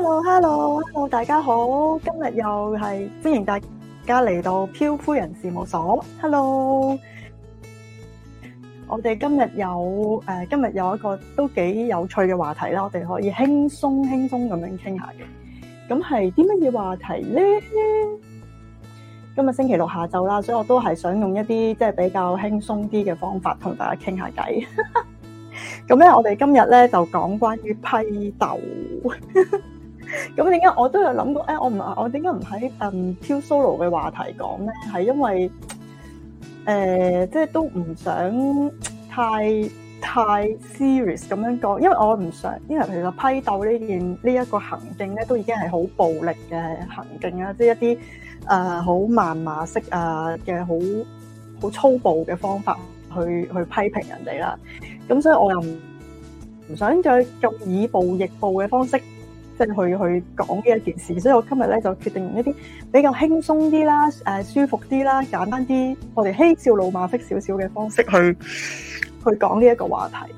Hello，Hello，Hello，hello, hello, hello, 大家好，今日又係歡迎大家嚟到漂夫人事務所。Hello，我哋今日有誒、呃，今日有一個都幾有趣嘅話題啦，我哋可以輕鬆輕鬆咁樣傾下嘅。咁係啲乜嘢話題咧？今日星期六下晝啦，所以我都係想用一啲即係比較輕鬆啲嘅方法同大家傾下偈。咁咧，我哋今日咧就講關於批鬥。 咁點解我都有諗過？誒、哎，我唔我點解唔喺誒 solo 嘅話題講咧？係因爲誒，即、呃、係、就是、都唔想太太 serious 咁樣講，因爲我唔想，因爲其實批鬥呢件呢一、這個行徑咧，都已經係好暴力嘅行徑啦，即、就、係、是、一啲誒好謾罵式啊嘅好好粗暴嘅方法去去批評人哋啦。咁所以我又唔想再作以暴易暴嘅方式。即係去去講呢一件事，所以我今日咧就決定用一啲比較輕鬆啲啦、呃、舒服啲啦、簡單啲，我哋嬉笑怒罵識少少嘅方式去去講呢一個話題。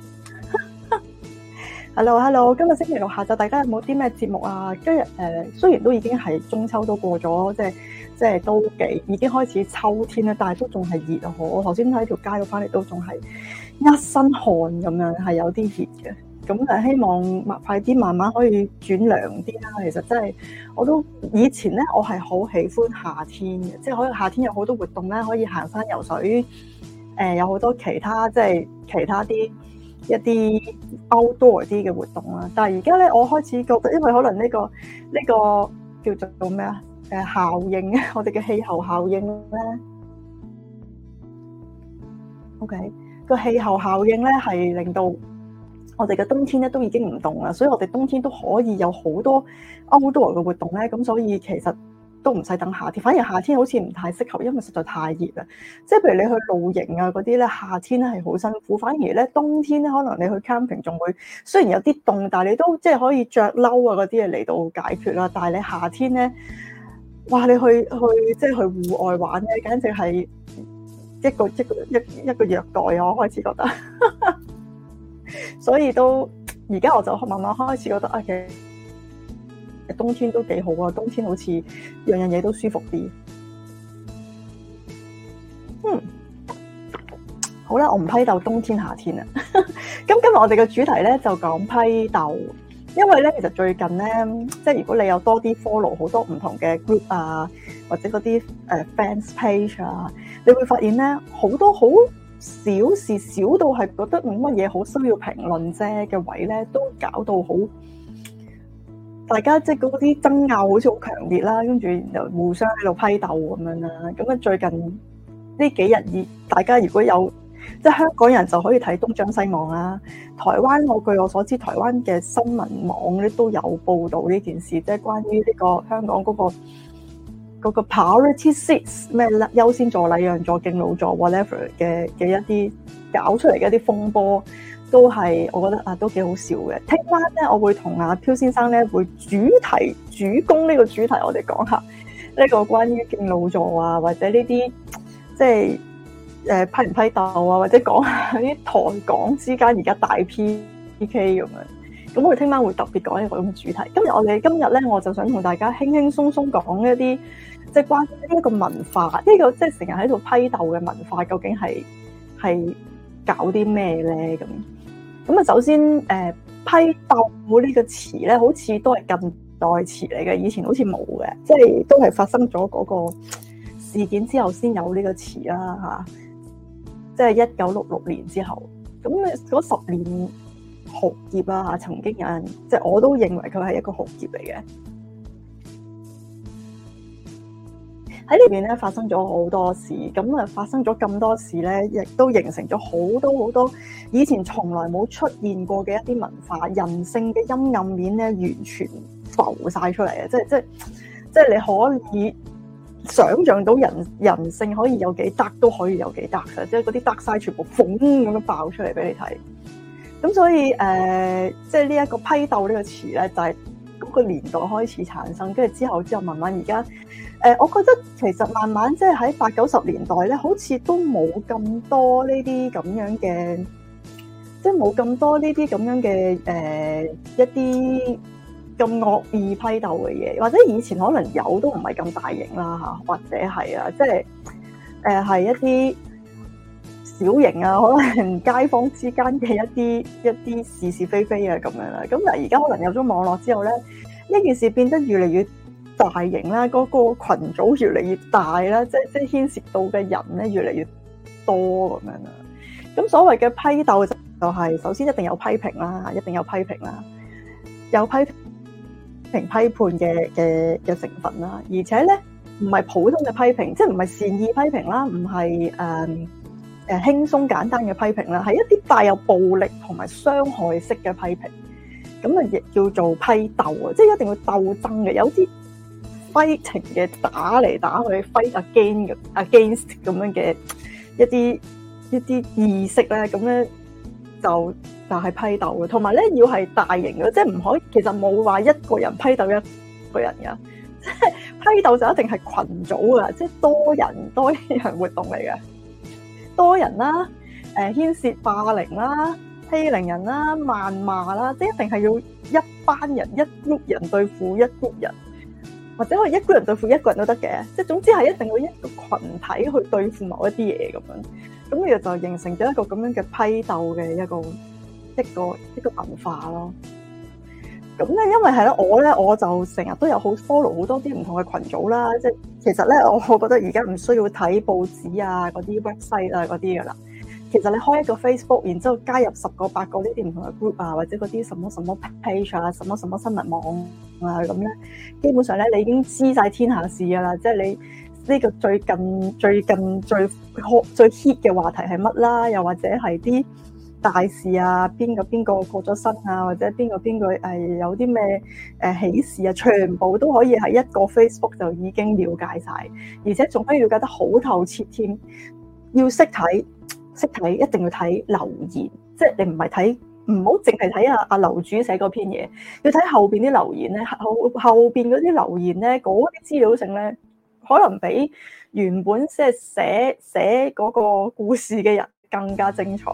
Hello，Hello， hello, 今日星期六下晝，大家有冇啲咩節目啊？今日誒、呃、雖然都已經係中秋都過咗，即係即係都幾已經開始秋天啦，但係都仲係熱啊！我頭先喺條街度翻嚟都仲係一身汗咁樣，係有啲熱嘅。咁啊，希望快啲慢慢可以轉涼啲啦。其實真係，我都以前咧，我係好喜歡夏天嘅，即係可能夏天有好多活動咧，可以行山游水，誒，有好多其他即係其他啲一啲 outdoor 啲嘅活動啦。但係而家咧，我開始覺得，因為可能呢個呢個叫做咩啊？誒，效應，我哋嘅氣候效應咧。OK，個氣候效應咧係令到，我哋嘅冬天咧都已經唔凍啦，所以我哋冬天都可以有好多 outdoor 嘅活動咧，咁所以其實都唔使等夏天，反而夏天好似唔太適合，因為實在太熱啦。即係譬如你去露營啊嗰啲咧，夏天咧係好辛苦，反而咧冬天咧可能你去 camping 仲會雖然有啲凍，但係你都即係可以着褸啊嗰啲嘢嚟到解決啦。但係你夏天咧，哇！你去去即係去戶外玩咧，簡直係一個一個一一個虐待啊！我開始覺得。 所以都而家我就慢慢開始覺得 OK、啊、其實冬天都幾好啊，冬天好似樣樣嘢都舒服啲。嗯，好啦，我唔批鬥冬天夏天啊。咁 今日我哋嘅主題咧就講批鬥，因為咧其實最近咧，即係如果你有多啲 follow 好多唔同嘅 group 啊，或者嗰啲誒 fans page 啊，你會發現咧好多好小事小到係覺得冇乜嘢好需要評論啫嘅位咧，都搞到好，大家即係嗰啲爭拗，好似好強烈啦，跟住又互相喺度批鬥咁樣啦。咁啊，最近呢幾日，以大家如果有即係香港人，就可以睇東張西望啦。台灣，我據我所知，台灣嘅新聞網咧都有報道呢件事，即係關於呢個香港嗰個。嗰個 priority seats 咩啦？優先座、禮讓座、敬老座，whatever 嘅嘅一啲搞出嚟嘅一啲風波，都係我覺得啊，都幾好笑嘅。聽晚咧，我會同阿漂先生咧會主題主攻呢個主題我下，我哋講下呢個關於敬老座啊，或者呢啲即係誒批唔批鬥啊，或者講下啲台港之間而家大 P P K 咁樣。咁我哋聽晚會特別講一個咁嘅主題。今日我哋今日咧，我就想同大家輕輕鬆鬆講一啲。即係關於呢一個文化，呢、這個即係成日喺度批鬥嘅文化，究竟係係搞啲咩咧？咁咁啊，首先誒、呃、批鬥呢個詞咧，好似都係近代詞嚟嘅，以前好似冇嘅，即、就、係、是、都係發生咗嗰個事件之後先有呢個詞啦，吓、啊，即係一九六六年之後，咁誒嗰十年浩劫啦，嚇，曾經有人即係、就是、我都認為佢係一個浩劫嚟嘅。喺呢邊咧發生咗好多事，咁啊發生咗咁多事咧，亦都形成咗好多好多以前從來冇出現過嘅一啲文化人性嘅陰暗面咧，完全浮晒出嚟啊！即係即係即係你可以想象到人人性可以有幾得，都可以有幾得嘅，即係嗰啲得晒全部，嘭咁樣爆出嚟俾你睇。咁所以誒、呃，即係呢一個批鬥呢個詞咧，就係、是、嗰個年代開始產生，跟住之後之後慢慢而家。誒，我覺得其實慢慢即係喺八九十年代咧，好似都冇咁多呢啲咁樣嘅，即係冇咁多呢啲咁樣嘅誒一啲咁惡意批鬥嘅嘢，或者以前可能有都唔係咁大型啦吓，或者係啊，即係誒係一啲小型啊，可能街坊之間嘅一啲一啲是是非非啊咁樣啦。咁但係而家可能有咗網絡之後咧，呢件事變得越嚟越大型啦，嗰個群組越嚟越大啦，即係即係牽涉到嘅人咧，越嚟越多咁樣啦。咁所謂嘅批鬥就係，首先一定有批評啦，一定有批評啦，有批評批判嘅嘅嘅成分啦。而且咧唔係普通嘅批評，即係唔係善意批評啦，唔係誒誒輕鬆簡單嘅批評啦，係一啲帶有暴力同埋傷害式嘅批評，咁啊亦叫做批鬥啊，即係一定要鬥爭嘅，有啲。揮情嘅打嚟打去，揮阿 gain 嘅，阿 against 咁樣嘅一啲一啲意識咧，咁咧就大批鬥嘅，同埋咧要係大型嘅，即係唔可以，以其實冇話一個人批鬥一個人噶，即係批鬥就一定係群組啊，即係多人多人活動嚟嘅，多人啦、啊，誒牽涉霸凌啦、啊，欺凌人啦、啊，謾罵啦、啊，即係一定係要一班人一 group 人對付一 group 人。或者我一個人對付一個人都得嘅，即係總之係一定要一個群體去對付某一啲嘢咁樣，咁然後就形成咗一個咁樣嘅批鬥嘅一個一個一個文化咯。咁咧，因為係啦，我咧我就成日都有好 follow 好多啲唔同嘅群組啦，即係其實咧我我覺得而家唔需要睇報紙啊嗰啲 website 啊嗰啲噶啦。其實你開一個 Facebook，然之後加入十個、八個呢啲唔同嘅 group 啊，或者嗰啲什麼什麼 page 啊，什麼什麼新聞網啊咁咧，基本上咧你已經知晒天下事噶啦。即、就、係、是、你呢個最近最近最 hot 最，最 heat 嘅話題係乜啦？又或者係啲大事啊，邊個邊個過咗身啊，或者邊個邊個係有啲咩誒喜事啊，全部都可以喺一個 Facebook 就已經了解晒，而且仲可以瞭解得好透徹添，要識睇。識睇一定要睇留言，即係你唔係睇，唔好淨係睇阿阿樓主寫嗰篇嘢，要睇後邊啲留言咧，後後邊嗰啲留言咧，嗰啲資料性咧，可能比原本即係寫寫嗰個故事嘅人更加精彩。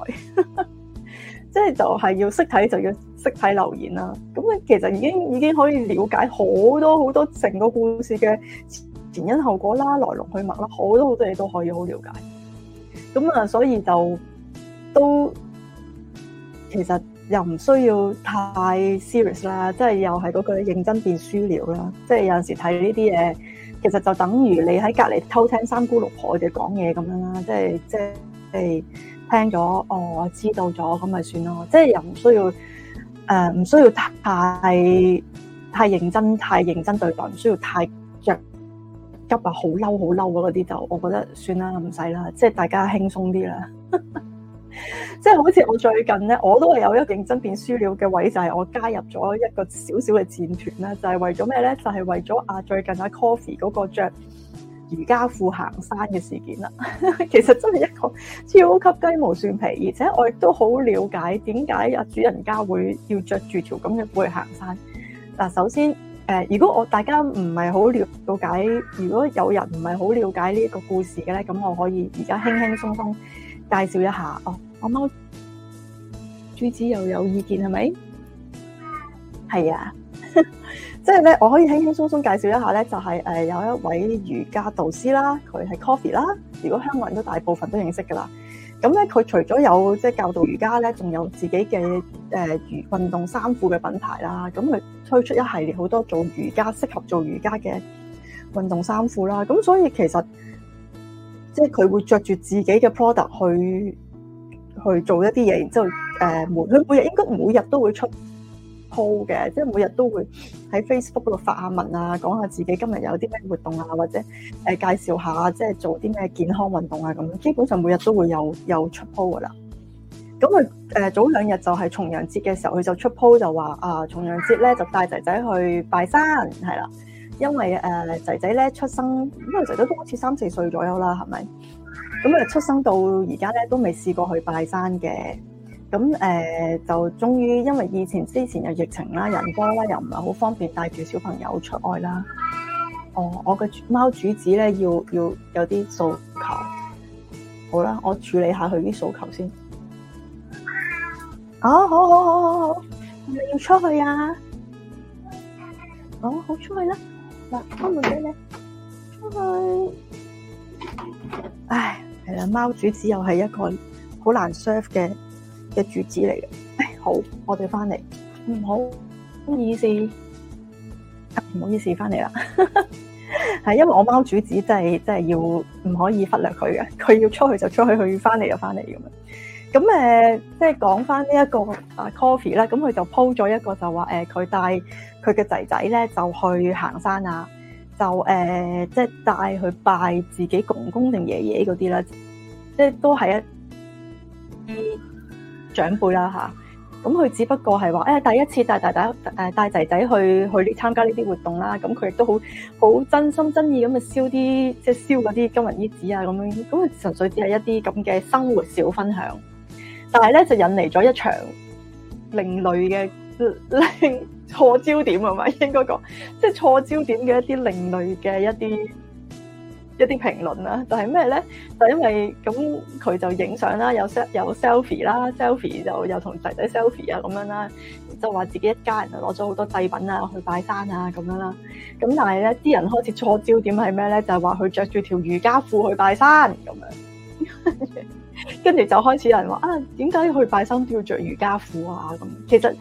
即 係就係要識睇就要識睇留言啦。咁咧其實已經已經可以了解好多好多成個故事嘅前因後果啦、來龍去脈啦，好多好多嘢都可以好了解。咁啊，所以就都其實又唔需要太 serious 啦，即係又係句認真變輸了啦。即係有陣時睇呢啲嘢，其實就等於你喺隔籬偷聽三姑六婆哋講嘢咁樣啦。即係即係聽咗，哦，我知道咗，咁咪算咯。即係又唔需要誒唔，呃，需要太太認真，太認真對待，唔需要太。急啊！好嬲，好嬲嗰啲就，我覺得算啦，唔使啦，即係大家輕鬆啲啦。 即係好似我最近咧，我都係有一件真變輸了嘅位，就係、是、我加入咗一個小小嘅戰團啦，就係、是、為咗咩咧？就係、是、為咗啊最近啊 Coffee 嗰個着瑜伽褲行山嘅事件啦。 其實真係一個超級雞毛蒜皮，而且我亦都好了解點解啊主人家會要着住條咁嘅褲去行山。嗱，首先。誒，如果我大家唔係好了解，如果有人唔係好了解呢一個故事嘅咧，咁我可以而家輕輕鬆鬆介紹一下哦。阿貓主子又有意見係咪？係啊，即係咧，我可以輕輕鬆鬆介紹一下咧，就係誒有一位瑜伽導師啦，佢係 Coffee 啦，如果香港人都大部分都認識㗎喇。咁咧，佢除咗有即係教導瑜伽咧，仲有自己嘅，誒瑜伽運動衫褲嘅品牌啦。咁佢推出一系列好多做瑜伽、適合做瑜伽嘅運動衫褲啦。咁所以其實即係佢會着住自己嘅 product 去去做一啲嘢，然之後誒、呃、每每日應該每日都會出。po 嘅，即係每日都會喺 Facebook 度發下文啊，講下自己今日有啲咩活動啊，或者誒介紹下即係做啲咩健康運動啊咁基本上每日都會有有出 po 噶啦。咁佢誒早兩日就係重陽節嘅時候，佢就出 po 就話啊重陽節咧就帶仔仔去拜山係啦，因為誒仔仔咧出生因為啊仔仔都好似三四歲左右啦，係咪？咁啊出生到而家咧都未試過去拜山嘅。咁誒、呃、就終於，因為以前之前有疫情啦，人多啦，又唔係好方便帶住小朋友出外啦、哦。我我嘅貓主子咧，要要有啲訴求。好啦，我處理下佢啲訴求先。啊、哦，好好好好好，係咪要出去啊？好、哦，好出去啦。嗱，開門俾你出去。唉，係啦，貓主子又係一個好難 serve 嘅。嘅主子嚟嘅，好，我哋翻嚟，唔好，唔好意思，唔好意思，翻嚟啦，係 因為我貓主子真係真係要唔可以忽略佢嘅，佢要出去就出去，佢要翻嚟就翻嚟咁樣。咁誒、呃，即係講翻呢一個 coffee 啦，咁佢就 po 咗一個就話誒，佢、呃、帶佢嘅仔仔咧就去行山啊，就誒、呃、即係帶去拜自己公公定爺爺嗰啲啦，即係都係一。長輩啦吓，咁佢只不過係話，哎，第一次帶帶大大誒帶仔仔去去呢參加呢啲活動啦。咁佢亦都好好真心真意咁啊，燒啲即係燒嗰啲金銀衣紙啊，咁樣，咁佢純粹只係一啲咁嘅生活小分享。但係咧就引嚟咗一場另類嘅令錯焦點，係咪應該講即係錯焦點嘅一啲另類嘅一啲。一啲評論啦，就係咩咧？就因為咁，佢就影相啦，有 self 有 selfie 啦，selfie 就又同仔仔 selfie 啊，咁樣啦，就話自己一家人就攞咗好多祭品啊，去拜山啊，咁樣啦。咁但係咧，啲人開始錯焦點係咩咧？就係話佢着住條瑜伽褲去拜山咁樣，跟 住就開始有人話啊，點解去拜山都要着瑜伽褲啊？咁其實呢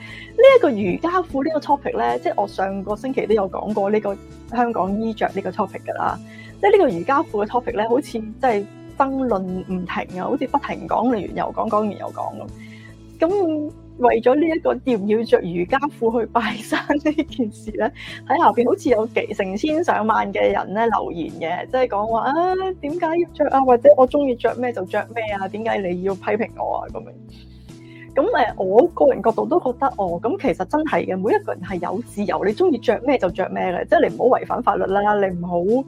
一個瑜伽褲呢個 topic 咧，即係我上個星期都有講過呢個香港衣着呢個 topic 噶啦。即係呢個瑜伽褲嘅 topic 咧，好似即係爭論唔停啊，好似不停講完又講，講完又講咁。咁為咗呢一個要唔要着瑜伽褲去拜山呢件事咧，喺下邊好似有幾成千上萬嘅人咧留言嘅，即係講話啊，點解要着啊？或者我中意着咩就着咩啊？點解你要批評我啊？咁樣咁誒，我個人角度都覺得哦，咁其實真係嘅，每一個人係有自由，你中意着咩就着咩嘅，即係你唔好違反法律啦，你唔好。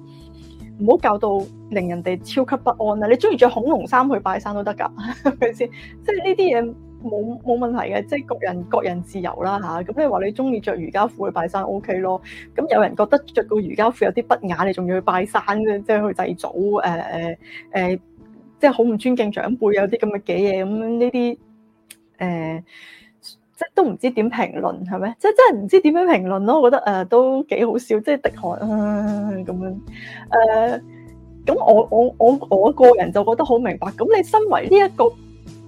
唔好教到令人哋超級不安啊！你中意着恐龍衫去拜山都得噶，係咪先？即係呢啲嘢冇冇問題嘅，即係各人各人自由啦吓，咁你話你中意着瑜伽褲去拜山 OK 咯。咁有人覺得着個瑜伽褲有啲不雅，你仲要去拜山嘅？即係去祭祖誒誒誒，即係好唔尊敬長輩有啲咁嘅嘅嘢咁呢啲誒。嗯都唔知點評論係咪？即真係唔知點樣評論咯。我覺得誒、呃、都幾好笑，即係滴汗咁、啊、樣誒。咁、呃、我我我我個人就覺得好明白。咁你身為呢、這、一個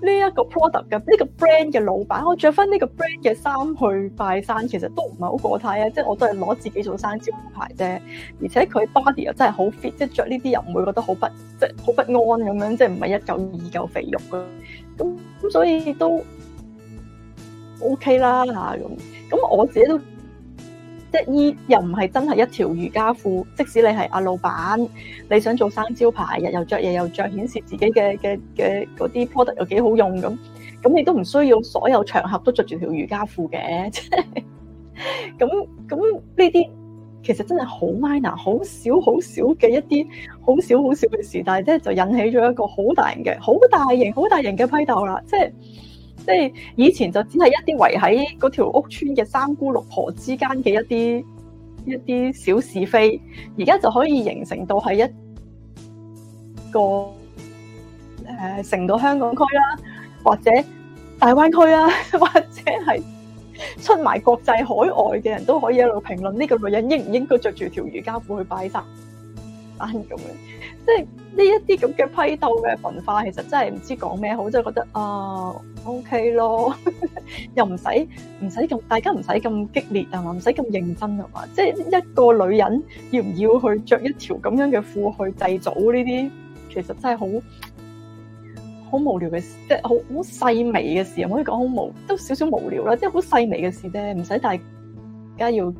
呢一、這個 product 嘅呢、這個 brand 嘅老闆，我着返呢個 brand 嘅衫去拜山，其實都唔係好過態啊。即我都係攞自己做生招牌啫。而且佢 body 又真係好 fit，即着呢啲又唔會覺得好不即好不安咁樣，即唔係一嚿二嚿肥肉嘅。咁咁所以都。OK 啦吓咁，咁、okay、我自己都即係衣又唔係真係一條瑜伽褲，即使你係阿老闆，你想做生招牌，日又着、夜又着，顯示自己嘅嘅嘅啲 product 又幾好用咁，咁你都唔需要所有場合都着住條瑜伽褲嘅，即係咁咁呢啲其實真係好 minor，好少好少嘅一啲好少好少嘅事，代，即係就引起咗一個好大型嘅好大型好大型嘅批鬥啦，即係。即係以前就只係一啲圍喺嗰條屋村嘅三姑六婆之間嘅一啲一啲小是非，而家就可以形成到係一個誒，成到香港區啦，或者大灣區啦，或者係出埋國際海外嘅人都可以一路評論呢個女人應唔應該着住條瑜伽褲去拜山。咁嘅，即係呢一啲咁嘅批鬥嘅文化，其實真係唔知講咩好。真係覺得啊，OK 咯，呵呵又唔使唔使咁，大家唔使咁激烈啊嘛，唔使咁認真啊嘛。即係一個女人要唔要去着一條咁樣嘅褲去製造呢啲，其實真係好好無聊嘅，嘅事，即係好好細微嘅事。我可以講好無都少少無聊啦，即係好細微嘅事啫，唔使大家要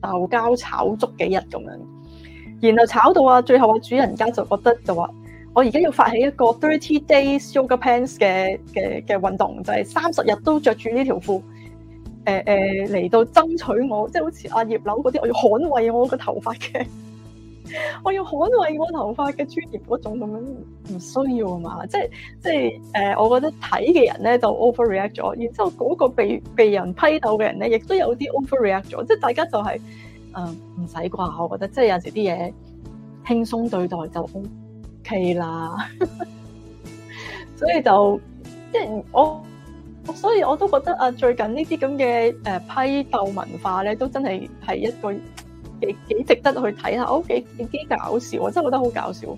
鬧交、炒足幾日咁樣。然後炒到啊，最後啊，主人家就覺得就話：我而家要發起一個 thirty days yoga pants 嘅嘅嘅運動，就係三十日都穿着住呢條褲。誒、呃、誒，嚟、呃、到爭取我，即係好似阿葉柳嗰啲，我要捍衛我個頭髮嘅，我要捍衛我頭髮嘅專業嗰種咁樣，唔需要啊嘛！即係即係誒，我覺得睇嘅人咧就 overreact 咗，然之後嗰個被被人批鬥嘅人咧，亦都有啲 overreact 咗，即係大家就係、是。誒唔使啩，我覺得即係有時啲嘢輕鬆對待就 O K 啦， 所以就即係、就是、我，所以我都覺得啊，最近呢啲咁嘅誒批鬥文化咧，都真係係一個幾幾值得去睇下，我幾幾搞笑，我真係覺得好搞笑。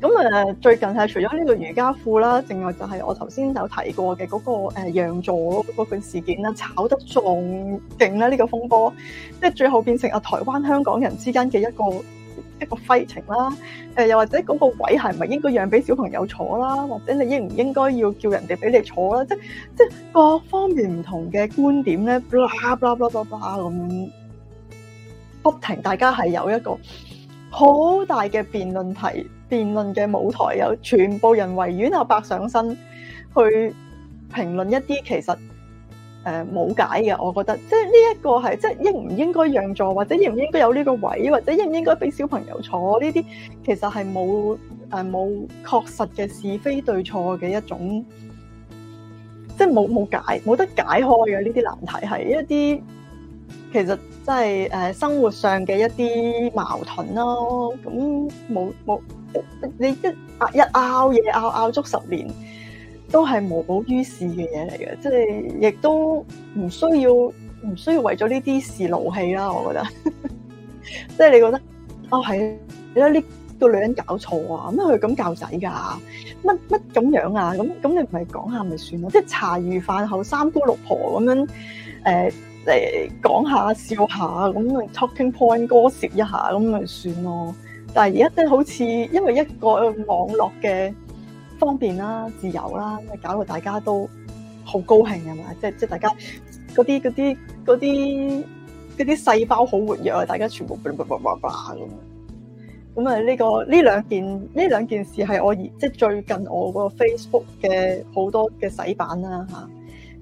咁誒最近係除咗呢個瑜伽褲啦，另外就係我頭先有提過嘅嗰個誒讓座嗰個事件啦，炒得仲勁啦，呢個風波，即係最後變成啊台灣香港人之間嘅一個一個揮程啦，誒又或者嗰個位係咪係應該讓俾小朋友坐啦，或者你應唔應該要叫人哋俾你坐啦，即即各方面唔同嘅觀點咧，啦啦啦啦啦咁不停，大家係有一個好大嘅辯論題。辯論嘅舞台有全部人圍繞阿伯上身去評論一啲其實誒冇、呃、解嘅，我覺得即係呢一個係即係應唔應該讓座，或者應唔應該有呢個位，或者應唔應該俾小朋友坐呢啲，呢啲其實係冇誒冇確實嘅是非對錯嘅一種，即係冇冇解冇得解開嘅呢啲難題係一啲其實即係誒生活上嘅一啲矛盾咯，咁冇冇。你一拗一拗嘢拗拗足十年，都係無補於事嘅嘢嚟嘅。即係亦都唔需要唔需要為咗呢啲事勞氣啦。我覺得，即 係你覺得，哦係，你咧呢個女人搞錯啊，咁佢咁教仔噶，乜乜咁樣啊，咁咁、啊、你唔係講下咪算咯？即係茶餘飯後三姑六婆咁樣，誒誒講下笑下，咁咪 talking point 歌舌一下咁咪算咯。但係而家真係好似，因為一個網絡嘅方便啦、自由啦，搞到大家都好高興啊嘛！即係即係大家嗰啲嗰啲嗰啲嗰啲細胞好活躍啊！大家全部叭叭叭叭咁，咁啊呢個呢兩件呢兩件事係我而即係最近我個 Facebook 嘅好多嘅洗版啦吓。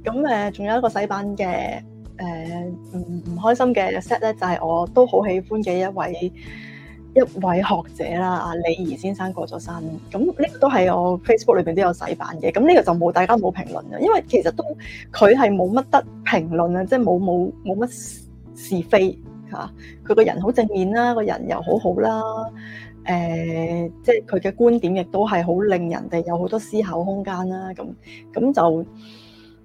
咁誒、嗯，仲有一個洗版嘅誒唔唔開心嘅 set 咧，就係我都好喜歡嘅一位。一位學者啦，阿李怡先生過咗身，咁呢個都係我 Facebook 裏邊都有洗版嘅，咁呢個就冇大家冇評論啦，因為其實都佢係冇乜得評論啊，即係冇冇冇乜是非嚇，佢個人好正面啦，個人又好好啦，誒、呃，即係佢嘅觀點亦都係好令人哋有好多思考空間啦，咁咁就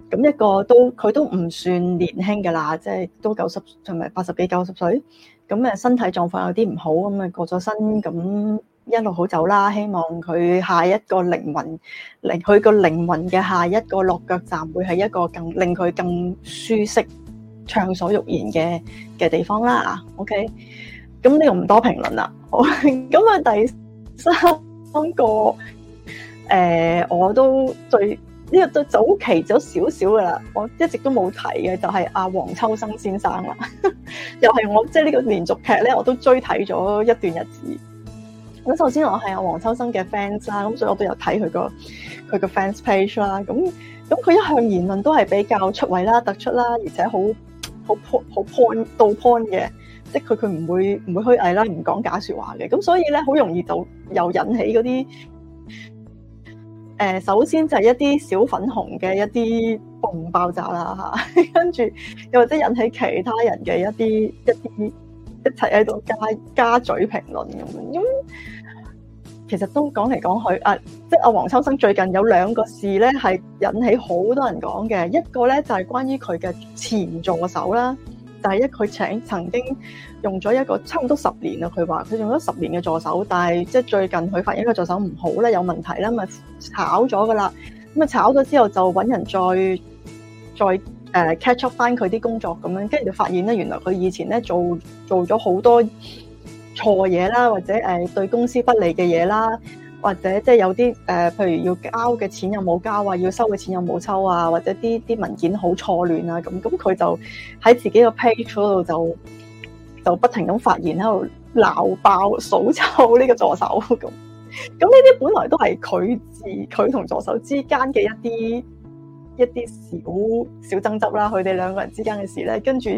咁一個都佢都唔算年輕㗎啦，即、就、係、是、都九十同埋八十幾九十歲。咁誒身體狀況有啲唔好，咁誒過咗身，咁一路好走啦。希望佢下一個靈魂，靈佢個靈魂嘅下一個落腳站會係一個更令佢更舒適、暢所欲言嘅嘅地方啦。啊，OK，咁呢個唔多評論啦。好，咁啊第三個誒、呃、我都最。呢個都早期咗少少嘅啦，我一直都冇提嘅就係阿黃秋生先生啦， 又係我即係呢個連續劇咧，我都追睇咗一段日子。咁首先我係阿黃秋生嘅 fans 啦，咁所以我都有睇佢個佢個 fans page 啦。咁咁佢一向言論都係比較出位啦、突出啦，而且好好 point 好 point 到 point 嘅，即係佢佢唔會唔會虛偽啦，唔講假説話嘅。咁所以咧，好容易就又引起嗰啲。誒，首先就係一啲小粉紅嘅一啲風爆炸啦嚇，跟住又或者引起其他人嘅一啲一啲一齊喺度加加嘴評論咁樣，咁、嗯、其實都講嚟講去啊，即係阿黃秋生最近有兩個事咧係引起好多人講嘅，一個咧就係、是、關於佢嘅前助手啦。第一佢請曾經用咗一個差唔多十年啦，佢話佢用咗十年嘅助手，但係即係最近佢發現一個助手唔好啦，有問題啦，咪炒咗㗎啦。咁啊炒咗之後就揾人再再誒 catch up 返佢啲工作咁樣，跟住就發現咧，原來佢以前咧做做咗好多錯嘢啦，或者誒對公司不利嘅嘢啦。或者即係有啲誒、呃，譬如要交嘅錢又冇交啊，要收嘅錢又冇收啊，或者啲啲文件好錯亂啊，咁咁佢就喺自己個 page 度就就不停咁發言喺度鬧爆數臭呢個助手咁，咁呢啲本來都係佢自佢同助手之間嘅一啲。一啲小小爭執啦，佢哋兩個人之間嘅事咧，跟住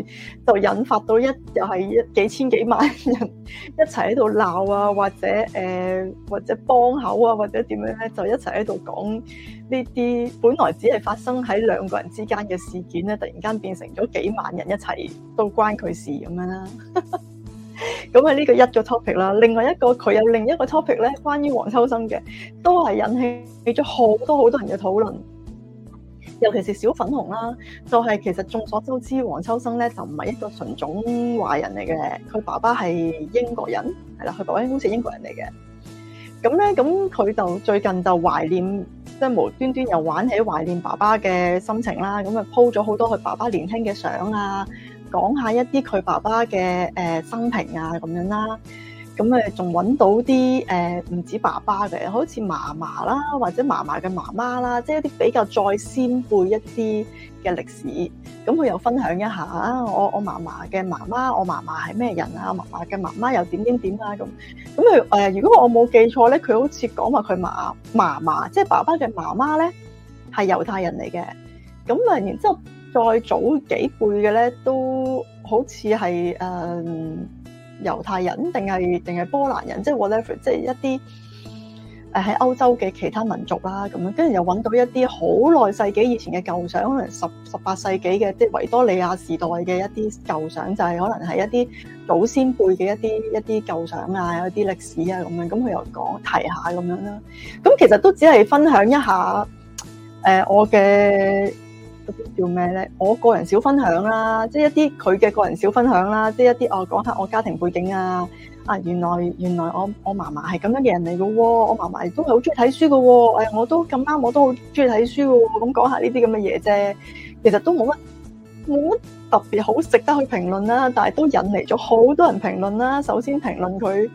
就引發到一又係一幾千幾萬人一齊喺度鬧啊，或者誒、呃、或者幫口啊，或者點樣咧，就一齊喺度講呢啲本來只係發生喺兩個人之間嘅事件咧，突然間變成咗幾萬人一齊都關佢事咁樣啦。咁啊，呢個一個 topic 啦，另外一個佢有另一個 topic 咧，關於黃秋生嘅，都係引起咗好多好多人嘅討論。尤其是小粉紅啦，就係、是、其實眾所周知，黃秋生咧就唔係一個純種華人嚟嘅，佢爸爸係英國人，係啦，佢爸爸好似英國人嚟嘅。咁咧，咁佢就最近就懷念，即係無端端又玩起懷念爸爸嘅心情啦。咁啊，po 咗好多佢爸爸年輕嘅相啊，講一下一啲佢爸爸嘅誒生平啊，咁樣啦。咁誒，仲揾到啲誒，唔止爸爸嘅，好似嫲嫲啦，或者嫲嫲嘅媽媽啦，即係一啲比較再先輩一啲嘅歷史。咁佢又分享一下，我我嫲嫲嘅媽媽，我嫲嫲係咩人啊？我嫲嫲嘅媽媽又點點點啊？咁咁佢誒，如果我冇記錯咧，佢好似講話佢嫲嫲嫲，即係爸爸嘅媽媽咧，係猶太人嚟嘅。咁啊，然之後再早幾輩嘅咧，都好似係誒。嗯猶太人定係定係波蘭人，即係 whatever，即係一啲誒喺歐洲嘅其他民族啦，咁樣跟住又揾到一啲好耐世紀以前嘅舊相，可能十十八世紀嘅，即係維多利亞時代嘅一啲舊相，就係可能係一啲祖先輩嘅一啲一啲舊相啊，有啲歷史啊咁樣，咁佢又講提下咁樣啦。咁其實都只係分享一下誒我嘅。叫咩咧？我個人小分享啦，即係一啲佢嘅個人小分享啦，即係一啲我、哦、講下我家庭背景啊，啊原來原來我我嫲嫲係咁樣嘅人嚟嘅喎，我嫲嫲都係好中意睇書嘅喎，哎，我都咁啱我都好中意睇書嘅喎，咁講下呢啲咁嘅嘢啫，其實都冇乜冇乜特別好值得去評論啦，啊，但係都引嚟咗好多人評論啦，啊。首先評論佢。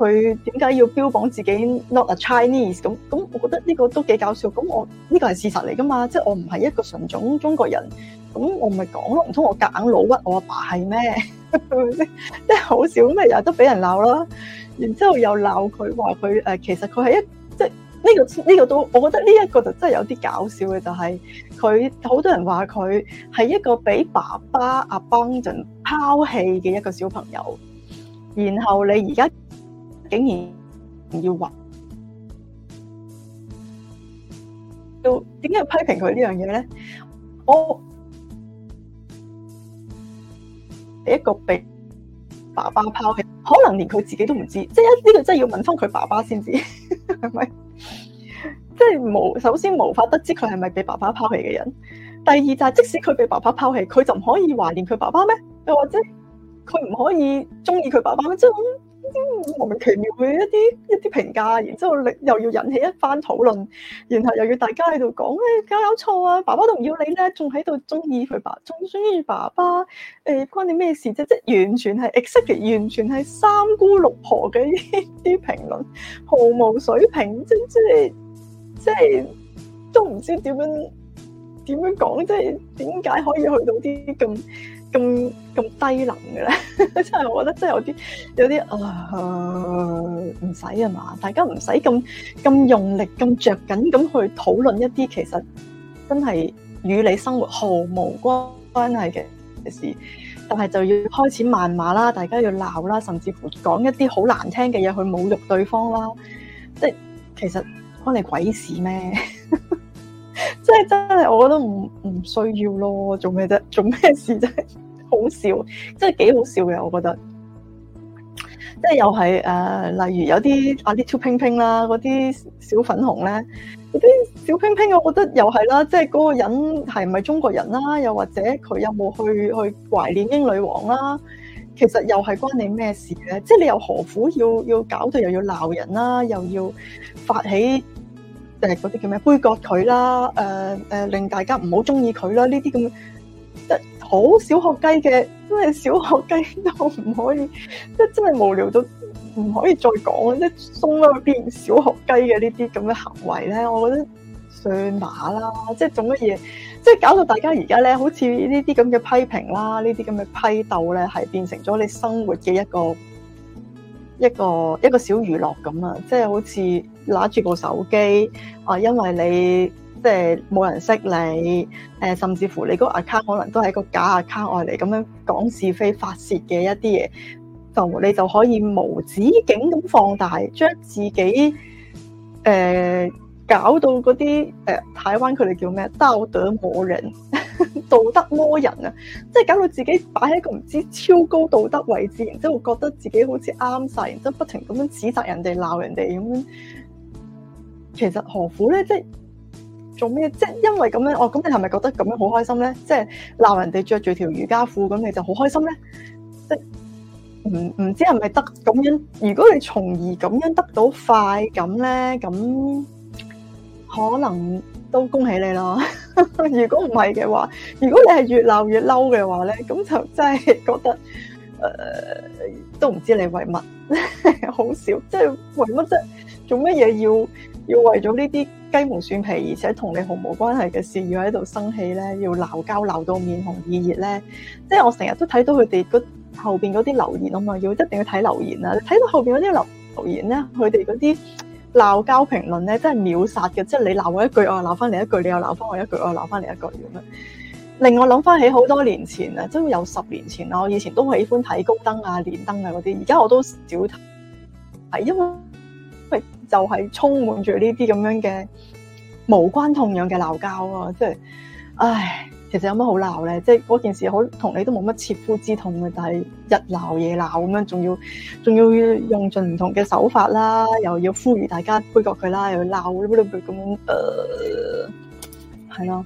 佢點解要標榜自己 not a Chinese 咁咁？我覺得呢個都幾搞笑的。咁我呢、呢個係事實嚟㗎嘛，即係我唔係一個純種中國人。咁我唔係講咯，唔通我夾硬老屈我阿爸係咩？即 係好少咩？又都俾人鬧啦。然之後又鬧佢話佢誒，其實佢係一即係呢、呢個呢、呢個都，我覺得呢一個就真係有啲搞笑嘅，就係佢好多人話佢係一個俾爸爸阿邦俊拋棄嘅一個小朋友。然後你而家。竟然要話，要點解要批評佢呢樣嘢呢？我一個被爸爸拋棄，可能連佢自己都唔知道，即係呢、這個真係要問翻佢爸爸先知係咪？即係首先無法得知佢係咪被爸爸拋棄嘅人。第二就係即使佢被爸爸拋棄，佢就唔可以懷念佢爸爸咩？又或者佢唔可以中意佢爸爸咩？莫名其妙嘅一啲一啲評價，然之後你又要引起一番討論，然後又要大家喺度講，誒、哎，家有錯啊，爸爸都唔要你咧，仲喺度中意佢爸，仲中意爸爸，誒、哎，關你咩事啫？即係完全係 actually，完全係三姑六婆嘅啲啲評論，毫無水平，即即即係都唔知點樣點樣講，即係點解可以去到啲咁。咁咁低能嘅咧，真 係我覺得真係有啲有啲唔使呀嘛，大家唔使咁咁用力咁着緊咁去討論一啲其實真係與你生活毫無關係嘅嘅事，但係就要開始謾罵啦，大家要鬧啦，甚至乎講一啲好難聽嘅嘢去侮辱對方啦，即係其實關你鬼事咩？即係真係，真係我覺得唔唔需要咯，做咩啫？做咩事真係好笑，真係幾好笑嘅，我覺得。即係又係誒、呃，例如有啲啊啲小拼拼啦，嗰啲小粉紅咧，嗰啲小拼拼，我覺得又係啦，即係嗰個人係唔係中國人啦、啊，又或者佢有冇去去懷念英女王啦、啊，其實又係關你咩事咧？即係你又何苦要要搞到又要鬧人啦、啊，又要發起。就係嗰啲叫咩杯葛佢啦，誒、呃、誒令大家唔好鍾意佢啦，呢啲咁即係好小學雞嘅，真係小學雞都唔可以，即係真係無聊到唔可以再講，即係變小學雞嘅呢啲咁嘅行為咧，我覺得算吧啦，即係做乜嘢，即係搞到大家而家咧，好似呢啲咁嘅批評啦，呢啲咁嘅批鬥咧，係變成咗你生活嘅一個。一個一個小娛樂咁啊，即係好似拿住部手機啊，因為你即係冇人識你誒，甚至乎你嗰個 account 可能都係一個假 account 外嚟，咁樣講是非發泄嘅一啲嘢，就你就可以無止境咁放大，將自己誒、呃、搞到嗰啲誒台灣佢哋叫咩道德魔人。道德魔人啊，即係搞到自己擺喺一個唔知超高道德位置，然之後覺得自己好似啱晒，然之後不停咁樣指責人哋、鬧人哋咁樣。其實何苦咧？即係做咩？即係因為咁樣哦？咁你係咪覺得咁樣好開心咧？即係鬧人哋着住條瑜伽褲，咁你就好開心咧？即係唔唔知係咪得咁樣？如果你從而咁樣得到快感咧，咁可能。都恭喜你咯！如果唔係嘅話，如果你係越鬧越嬲嘅話咧，咁就真係覺得，誒，都唔知道你為乜，好少，即係為乜即係做乜嘢要要為咗呢啲雞毛蒜皮，而且同你毫無關係嘅事，要喺度生氣咧，要鬧交鬧到面紅耳熱咧，即係我成日都睇到佢哋嗰後邊嗰啲留言啊嘛，要一定要睇留言啦，睇到後邊嗰啲留留言咧，佢哋嗰啲。鬧交評論咧，真係秒殺嘅，即係你鬧我一句，我鬧翻你一句，你又鬧翻我一句，我鬧翻你一句咁樣。令我諗翻起好多年前啊，即係有十年前啦，我以前都喜歡睇高登啊、連登啊嗰啲，而家我都少睇，係因為就係充滿住呢啲咁樣嘅無關痛癢嘅鬧交啊，即係唉。其實有乜好鬧咧？即係嗰件事好同你都冇乜切膚之痛嘅，但係日鬧夜鬧咁樣，仲要仲要用盡唔同嘅手法啦，又要呼籲大家杯葛佢啦，又要鬧咁、呃、樣咁誒，係咯？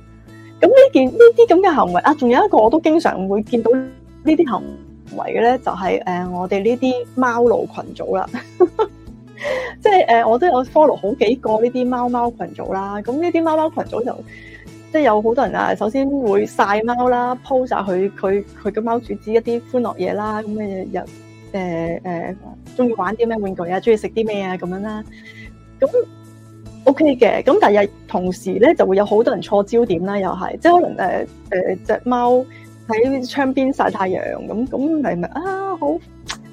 咁呢件呢啲咁嘅行為啊，仲有一個我都經常會見到呢啲行為嘅咧，就係、是、誒、呃、我哋呢啲貓奴群組啦。即係誒，我都我 follow 好幾個呢啲貓貓群組啦。咁呢啲貓貓群組就。即係有好多人啊，首先會晒貓啦，post 下佢佢佢嘅貓主子一啲歡樂嘢啦，咁嘅嘢又誒誒中意玩啲咩玩具啊，中意食啲咩啊咁樣啦。咁 OK 嘅，咁但係同時咧就會有好多人錯焦點啦，又係，即係可能誒誒隻貓喺窗邊晒太陽，咁、啊，咁係咪啊好。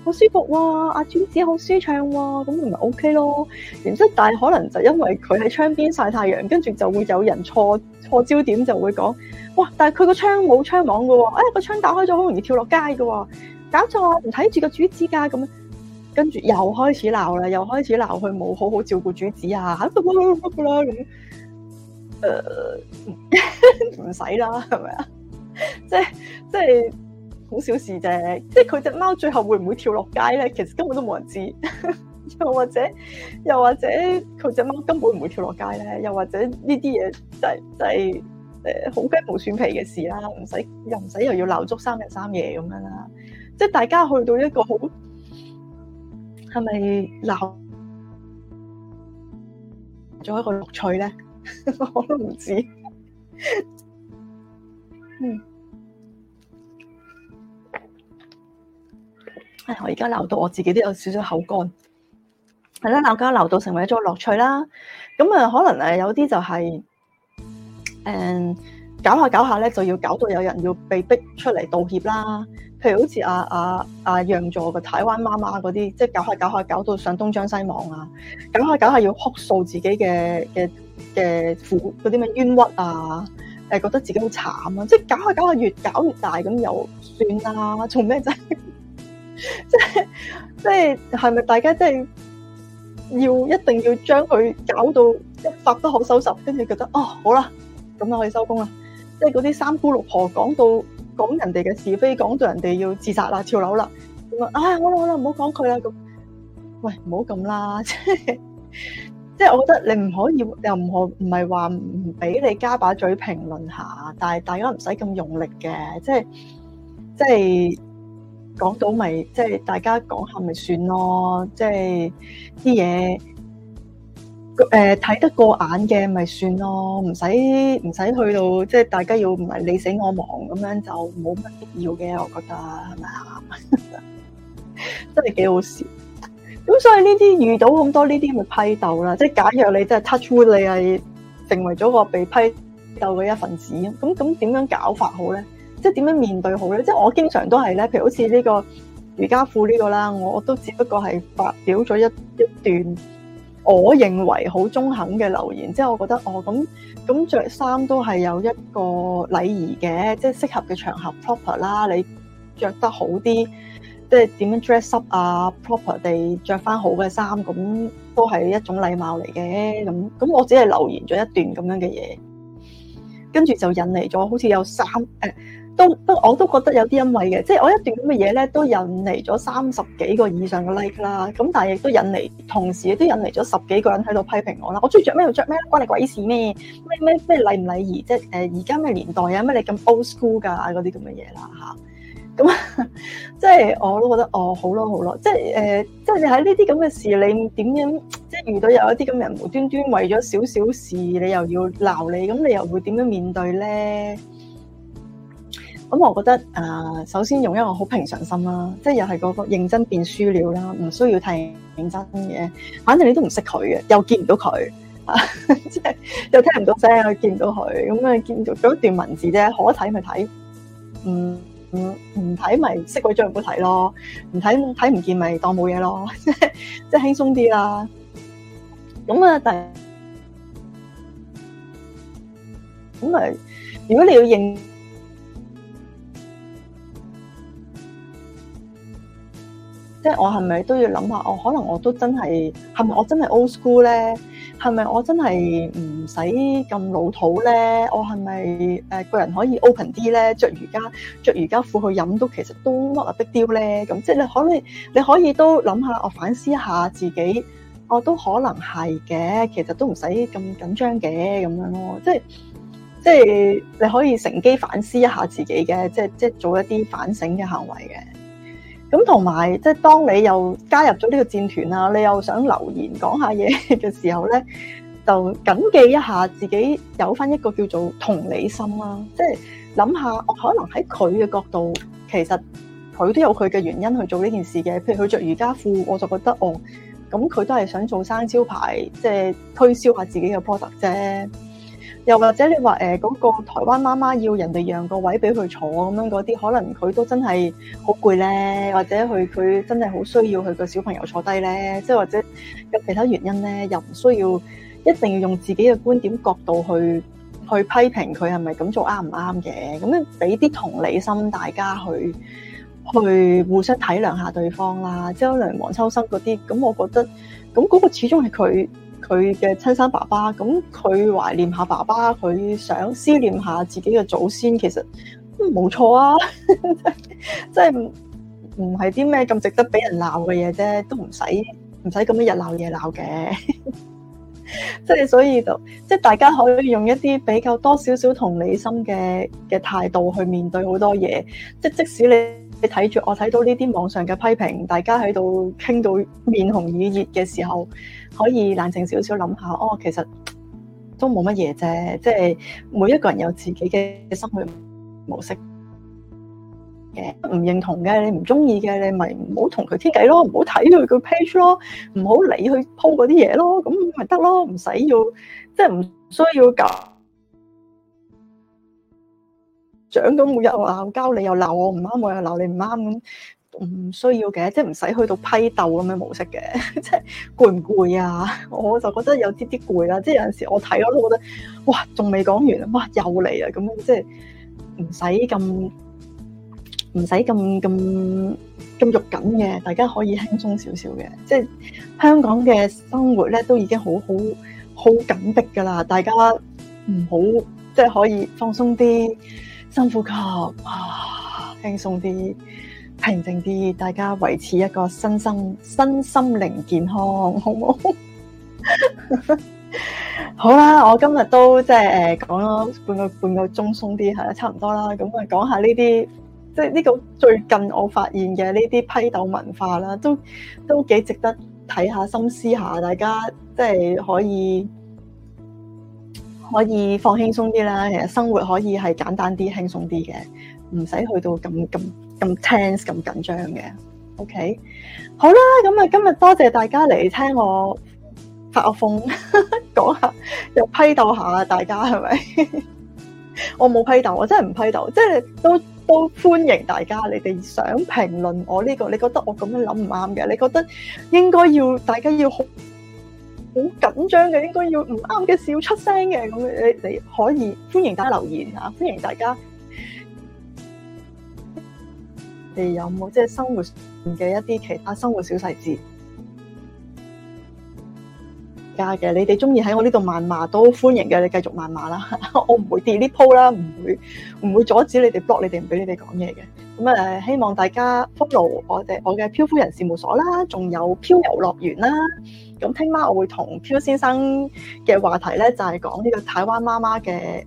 好舒服喎、啊，阿、啊、主子好舒暢喎、啊，咁唔咪 OK 咯。然之後，但係可能就因為佢喺窗邊曬太陽，跟住就會有人錯錯焦點，就會講哇！但係佢個窗冇窗網噶、啊，哎，個窗打開咗好容易跳落街噶、啊，搞錯啊，唔睇住個主子噶咁。跟住又開始鬧啦，又開始鬧佢冇好好照顧主子啊啦咁。呃，唔使啦，係咪啊？ 即係即係。好小事啫，即係佢隻貓最後會唔會跳落街咧？其實根本都冇人知 又，又或者又或者佢隻貓根本唔會跳落街咧，又或者呢啲嘢就係就係誒好雞毛蒜皮嘅事啦、啊，唔使又唔使又要鬧足三日三夜咁樣啦、啊，即係大家去到一個好係咪鬧仲有一個樂趣咧？ 我都唔不知， 嗯。哎、我而家鬧到我自己都有少少口乾，係啦，鬧交鬧到成為咗樂趣啦。咁、嗯、啊，可能誒有啲就係、是、誒、嗯、搞下搞下咧，就要搞到有人要被逼出嚟道歉啦。譬如好似阿阿阿讓座嘅台灣媽媽嗰啲，即係搞下搞下搞到上東張西望啊，搞下搞下要哭訴自己嘅嘅嘅苦嗰啲咩冤屈啊，誒覺得自己好慘啊，即係搞下搞下越搞越大咁又算啦，做咩啫？即係即係，係咪大家即係要一定要將佢搞到一發都好收拾，跟住覺得哦好啦，咁就可以收工啦。即係嗰啲三姑六婆講到講人哋嘅是非，講到人哋要自殺啦、跳樓啦，咁啊，唉好啦好啦，唔好講佢啦咁。喂，唔好咁啦，即係即係，我覺得你唔可以又唔可唔係話唔俾你加把嘴評論下，但係大家唔使咁用力嘅，即係即係。講到咪即係大家講下咪算咯，即係啲嘢，誒睇得過眼嘅咪算咯，唔使唔使去到即係大家要唔係你死我亡咁樣，就冇乜必要嘅，我覺得係咪啊？真係幾好笑。咁所以呢啲遇到咁多呢啲咪批鬥啦，即係假若你真係 touch wood，你係成為咗個被批鬥嘅一份子咁，咁點樣搞法好咧？即係點樣面對好咧？即係我經常都係咧，譬如好似呢個瑜伽褲呢個啦，我都只不過係發表咗一一段我認為好中肯嘅留言。之後我覺得哦，咁咁著衫都係有一個禮儀嘅，即係適合嘅場合 proper 啦。你着得好啲，即係點樣 dress up 啊，proper 地着翻好嘅衫，咁都係一種禮貌嚟嘅。咁咁我只係留言咗一段咁樣嘅嘢，跟住就引嚟咗好似有三誒。哎都都我都覺得有啲欣慰嘅，即係我一段咁嘅嘢咧，都引嚟咗三十幾個以上嘅 like 啦，咁但係亦都引嚟，同時亦都引嚟咗十幾個人喺度批評我啦。我中意着咩就着咩，關你鬼事咩？咩咩咩禮唔禮儀？即係誒而家咩年代啊？咩你咁 old school 噶嗰啲咁嘅嘢啦嚇？咁、啊、即係我都覺得哦，好咯好咯，即係誒、呃，即係喺呢啲咁嘅事，你點樣即係遇到有一啲咁嘅人無端端為咗少少事，你又要鬧你，咁你又會點樣面對咧？咁我覺得，呃、首先用一個好平常心啦，啊，即係又係個認真變輸了啦，唔需要太認真嘅。反正你都唔識佢嘅，又見唔到佢，啊，即係又聽唔到聲，又見唔到佢，咁啊，見到嗰段文字啫，可睇咪睇，唔唔唔睇咪識鬼將唔好睇咯，唔睇睇唔見咪當冇嘢咯，即係即係輕鬆啲啦，啊。咁啊，但係咁啊，如果你要認即係我係咪都要諗下？我、哦、可能我都真係係咪我真係 old school 咧？係咪我真係唔使咁老土咧？我係咪誒個人可以 open 啲咧？着瑜伽、着瑜伽褲去飲都其實都彎彎逼雕咧？咁、嗯、即係你可能你可以都諗下，我反思一下自己，我、哦、都可能係嘅。其實都唔使咁緊張嘅咁樣咯、哦。即係即係你可以乘機反思一下自己嘅，即係即係做一啲反省嘅行為嘅。咁同埋，即係當你又加入咗呢個戰團啊，你又想留言講下嘢嘅時候咧，就謹記一下自己有翻一個叫做同理心啦、啊。即係諗下，我可能喺佢嘅角度，其實佢都有佢嘅原因去做呢件事嘅。譬如佢着瑜伽褲，我就覺得哦，咁佢都係想做生招牌，即係推銷下自己嘅 product 啫。又或者你話，誒，嗰個台灣媽媽要人哋讓個位俾佢坐咁樣嗰啲，可能佢都真係好攰咧，或者佢佢真係好需要佢個小朋友坐低咧，即係或者有其他原因咧，又唔需要一定要用自己嘅觀點角度去去批評佢係咪咁做啱唔啱嘅，咁樣俾啲同理心大家去去互相體諒下對方啦，即係可能黃秋生嗰啲，咁我覺得咁嗰個始終係佢佢嘅親生爸爸，咁佢懷念下爸爸，佢想思念下自己嘅祖先，其實冇錯啊，即係唔唔係啲咩咁值得俾人鬧嘅嘢啫，都唔使唔使咁樣日鬧夜鬧嘅，即係所以就即係大家可以用一啲比較多少少同理心嘅嘅態度去面對好多嘢，即係即使你你睇住我睇到呢啲網上嘅批評，大家喺度傾到面紅耳熱嘅時候。可以冷靜少少諗下，哦，其實都冇乜嘢啫。即係每一個人有自己嘅生活模式嘅，唔認同嘅，你唔中意嘅，你咪唔好同佢傾偈咯，唔好睇佢個 page 咯，唔好理佢 po 嗰啲嘢咯，咁咪得咯，唔使要，即係唔需要搞，搞到每日鬧交，你又鬧我唔啱，我又鬧你唔啱咁。唔需要嘅，即係唔使去到批鬥咁嘅模式嘅，即係攰唔攰啊？我就覺得有啲啲攰啦，即係有陣時我睇我都覺得，哇，仲未講完啊，哇，又嚟啊，咁樣即係唔使咁唔使咁咁咁肉緊嘅，大家可以輕鬆少少嘅，即係香港嘅生活咧都已經好好好緊迫噶啦，大家唔好即係可以放鬆啲，深呼吸啊！輕鬆啲，平靜啲，大家維持一個身心身心靈健康，好唔好？ 好啦，我今日都即係誒講咗，半個半個鐘鬆啲，係啦，差唔多啦。咁啊，講下呢啲，即係呢個最近我發現嘅呢啲批鬥文化啦，都都幾值得睇下、深思下。大家即係可以可以放輕鬆啲啦，其實生活可以係簡單啲、輕鬆啲嘅。唔使去到咁咁咁 tense 咁緊張嘅，OK，好啦，咁啊今日多謝,謝大家嚟聽我發噏風，講 下又批鬥下大家係咪？是 我冇批鬥，我真係唔批鬥，即係都都歡迎大家，你哋想評論我呢、這個，你覺得我咁樣諗唔啱嘅，你覺得應該要大家要好好緊張嘅，應該要唔啱嘅事要出聲嘅，咁你你可以歡迎大家留言啊，歡迎大家。你哋有冇即係生活嘅一啲其他生活小細節加嘅？你哋中意喺我呢度謾罵都歡迎嘅，你繼續謾罵啦，我唔會跌呢鋪啦，唔會唔會阻止你哋 block，你哋唔俾你哋講嘢嘅咁啊！希望大家 follow 我嘅我嘅漂夫人事務所啦，仲有漂遊樂園啦。咁聽晚我會同漂先生嘅話題咧，就係講呢個台灣媽媽嘅誒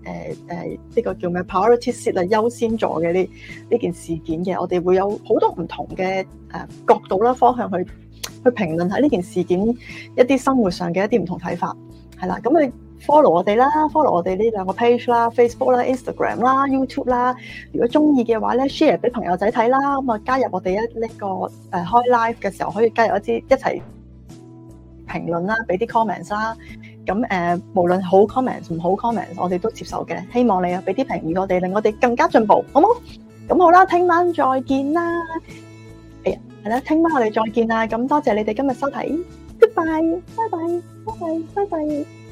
誒呢個叫咩 priority seat 啊，優先座嘅呢呢件事件嘅，我哋會有好多唔同嘅誒角度啦、方向去去評論下呢件事件一啲生活上嘅一啲唔同睇法，係啦。咁你 follow 我哋啦，follow 我哋呢兩個 page 啦、Facebook 啦、Instagram 啦、YouTube 啦。如果中意嘅話咧，share 俾朋友仔睇啦。咁啊加入我哋一呢個誒開 live 嘅時候，可以加入一啲一齊。評論啦，俾啲 comments 啦，咁誒、呃，無論好 comments 唔好 comments，我哋都接受嘅。希望你啊，俾啲評語我哋，令我哋更加進步，好冇？咁好啦，聽晚再見啦。哎呀，係啦，聽晚我哋再見啦。咁多謝你哋今日收睇，拜拜，拜拜，拜拜，拜拜。拜拜。